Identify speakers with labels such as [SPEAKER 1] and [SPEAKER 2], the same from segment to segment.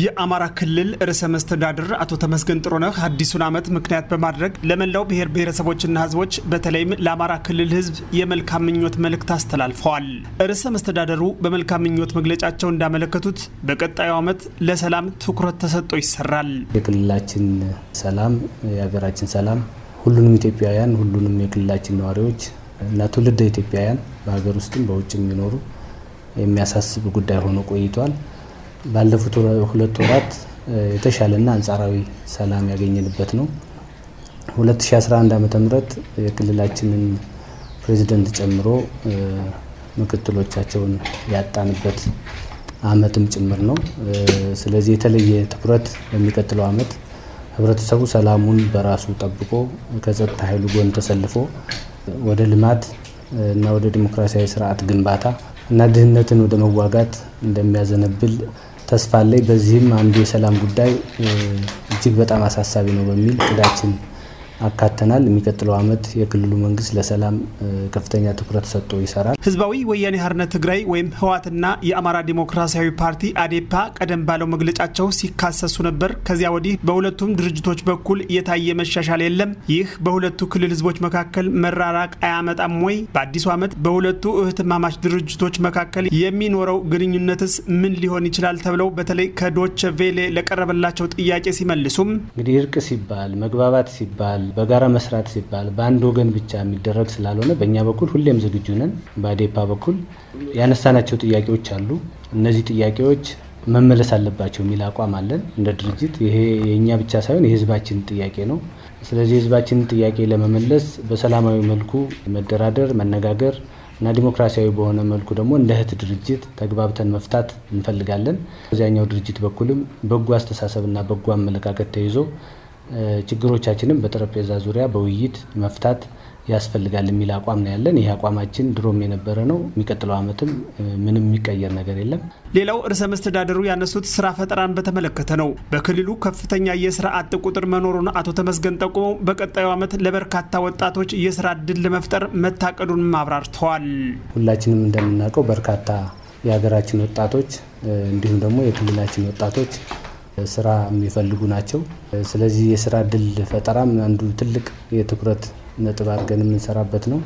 [SPEAKER 1] የአማራ ክልል ርዕሰ መስተዳድር አቶ ተመስገን ጥሩነህ አዲሱን ዓመት ምክንያት በማድረግ ለመላው ብሔር ብሔረሰቦችና ህዝቦች በተለይም ለአማራ ክልል ህዝብ የመልካም ምኞት መልእክት አስተላልፈዋል። ርዕሰ መስተዳደሩ በመልካም ምኞት መግለጫቸው እንዳመለከቱት በቀጣዩ ዓመት ለሰላም ትኩረት ተሰጥቶ ይሰራል።
[SPEAKER 2] የክልላችን ሰላም፣ የሀገራችን ሰላም ሁሉንም ኢትዮጵያውያን፣ ሁሉንም የክልላችን ነዋሪዎች እና ትውልደ ኢትዮጵያውያን በሀገር ውስጥም በውጭ የሚኖሩ የሚያሳስብ ጉዳይ ሆኖ ቆይቷል። ባለፉት ሁለት ወራት የተሻለና አንጻራዊ ሰላም ያገኘንበት ነው። 2011 ዓ. ም የክልላችንን ፕሬዚደንት ጨምሮ ምክትሎቻቸውን ያጣንበት አመትም ጭምር ነው። ስለዚህ የተለየ ትኩረት በሚቀጥለው አመት ህብረተሰቡ ሰላሙን በራሱ ጠብቆ ከጸጥታ ኃይሉ ጎን ተሰልፎ ወደ ልማት እና ወደ ዲሞክራሲያዊ ስርዓት ግንባታ እና ድህነትን ወደ መዋጋት እንደሚያዘነብል ተስፋ አለኝ። በዚህም አንዱ የሰላም ጉዳይ እጅግ በጣም አሳሳቢ ነው በሚል እቅዳችን አካተናል። የሚቀጥለው ዓመት የክልሉ መንግስት ለሰላም ከፍተኛ ትኩረት ሰጥቶ ይሰራል። ህዝባዊ
[SPEAKER 1] ወያኔ ሓርነት ትግራይ ወይም ህወሓትና የአማራ ዲሞክራሲያዊ ፓርቲ አዴፓ ቀደም ባለው መግለጫቸው ሲካሰሱ ነበር። ከዚያ ወዲህ በሁለቱም ድርጅቶች በኩል የታየ መሻሻል የለም። ይህ በሁለቱ ክልል ህዝቦች መካከል መራራቅ አያመጣም ወይ? በአዲሱ ዓመት በሁለቱ እህትማማች ድርጅቶች መካከል የሚኖረው ግንኙነትስ ምን ሊሆን ይችላል? ተብለው በተለይ ከዶቸ ቬሌ ለቀረበላቸው ጥያቄ ሲመልሱም
[SPEAKER 2] እንግዲህ እርቅ ሲባል መግባባት ሲባል በጋራ መስራት ሲባል በአንድ ወገን ብቻ የሚደረግ ስላልሆነ በእኛ በኩል ሁሌም ዝግጁ ነን። በአዴፓ በኩል ያነሳናቸው ጥያቄዎች አሉ። እነዚህ ጥያቄዎች መመለስ አለባቸው የሚል አቋም አለን እንደ ድርጅት። ይሄ የእኛ ብቻ ሳይሆን የህዝባችን ጥያቄ ነው። ስለዚህ የህዝባችንን ጥያቄ ለመመለስ በሰላማዊ መልኩ መደራደር፣ መነጋገር እና ዲሞክራሲያዊ በሆነ መልኩ ደግሞ እንደ እህት ድርጅት ተግባብተን መፍታት እንፈልጋለን። በዚያኛው ድርጅት በኩልም በጎ አስተሳሰብና በጎ አመለካከት ተይዞ ችግሮቻችንም በጠረጴዛ ዙሪያ በውይይት መፍታት ያስፈልጋል የሚል አቋም ነው ያለን። ይህ አቋማችን ድሮም የነበረ ነው። የሚቀጥለው ዓመትም ምንም የሚቀየር ነገር የለም።
[SPEAKER 1] ሌላው ርዕሰ መስተዳደሩ
[SPEAKER 2] ያነሱት ስራ ፈጠራን
[SPEAKER 1] በተመለከተ ነው። በክልሉ ከፍተኛ የስራ አጥ ቁጥር መኖሩን አቶ ተመስገን ጠቁመው በቀጣዩ ዓመት ለበርካታ ወጣቶች የስራ እድል ለመፍጠር መታቀዱን አብራርተዋል።
[SPEAKER 2] ሁላችንም እንደምናውቀው በርካታ የሀገራችን ወጣቶች እንዲሁም ደግሞ የክልላችን ወጣቶች ስራ የሚፈልጉ ናቸው። ስለዚህ የስራ እድል ፈጠራም አንዱ ትልቅ የትኩረት ነጥብ አድርገን የምንሰራበት ነው።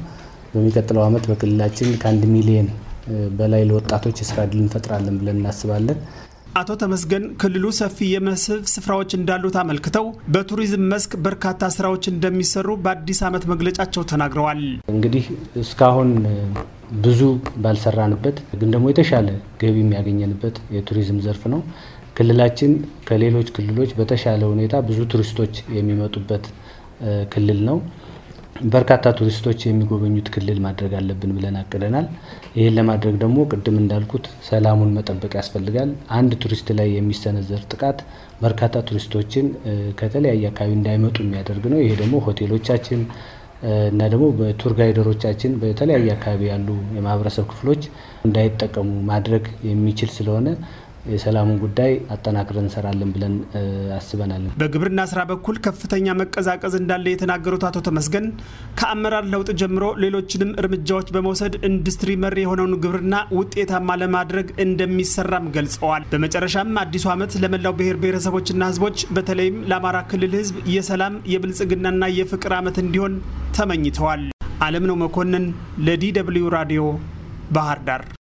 [SPEAKER 2] በሚቀጥለው ዓመት በክልላችን ከአንድ ሚሊየን በላይ ለወጣቶች የስራ እድል እንፈጥራለን ብለን እናስባለን። አቶ ተመስገን
[SPEAKER 1] ክልሉ ሰፊ የመስህብ ስፍራዎች እንዳሉት አመልክተው በቱሪዝም መስክ በርካታ ስራዎች እንደሚሰሩ በአዲስ ዓመት መግለጫቸው ተናግረዋል።
[SPEAKER 2] እንግዲህ እስካሁን ብዙ ባልሰራንበት ግን ደግሞ የተሻለ ገቢ የሚያገኘንበት የቱሪዝም ዘርፍ ነው። ክልላችን ከሌሎች ክልሎች በተሻለ ሁኔታ ብዙ ቱሪስቶች የሚመጡበት ክልል ነው። በርካታ ቱሪስቶች የሚጎበኙት ክልል ማድረግ አለብን ብለን አቅደናል። ይህን ለማድረግ ደግሞ ቅድም እንዳልኩት ሰላሙን መጠበቅ ያስፈልጋል። አንድ ቱሪስት ላይ የሚሰነዘር ጥቃት በርካታ ቱሪስቶችን ከተለያየ አካባቢ እንዳይመጡ የሚያደርግ ነው። ይሄ ደግሞ ሆቴሎቻችን እና ደግሞ በቱር ጋይደሮቻችን በተለያየ አካባቢ ያሉ የማህበረሰብ ክፍሎች እንዳይጠቀሙ ማድረግ የሚችል ስለሆነ የሰላሙን ጉዳይ አጠናክረን እንሰራለን ብለን አስበናል። በግብርና
[SPEAKER 1] ስራ በኩል ከፍተኛ መቀዛቀዝ እንዳለ የተናገሩት አቶ ተመስገን ከአመራር ለውጥ ጀምሮ ሌሎችንም እርምጃዎች በመውሰድ ኢንዱስትሪ መር የሆነውን ግብርና ውጤታማ ለማድረግ እንደሚሰራም ገልጸዋል። በመጨረሻም አዲሱ ዓመት ለመላው ብሔር ብሔረሰቦችና ህዝቦች በተለይም ለአማራ ክልል ህዝብ የሰላም የብልጽግናና የፍቅር ዓመት እንዲሆን ተመኝተዋል። አለም ነው መኮንን ለዲ ደብልዩ ራዲዮ ባህር ዳር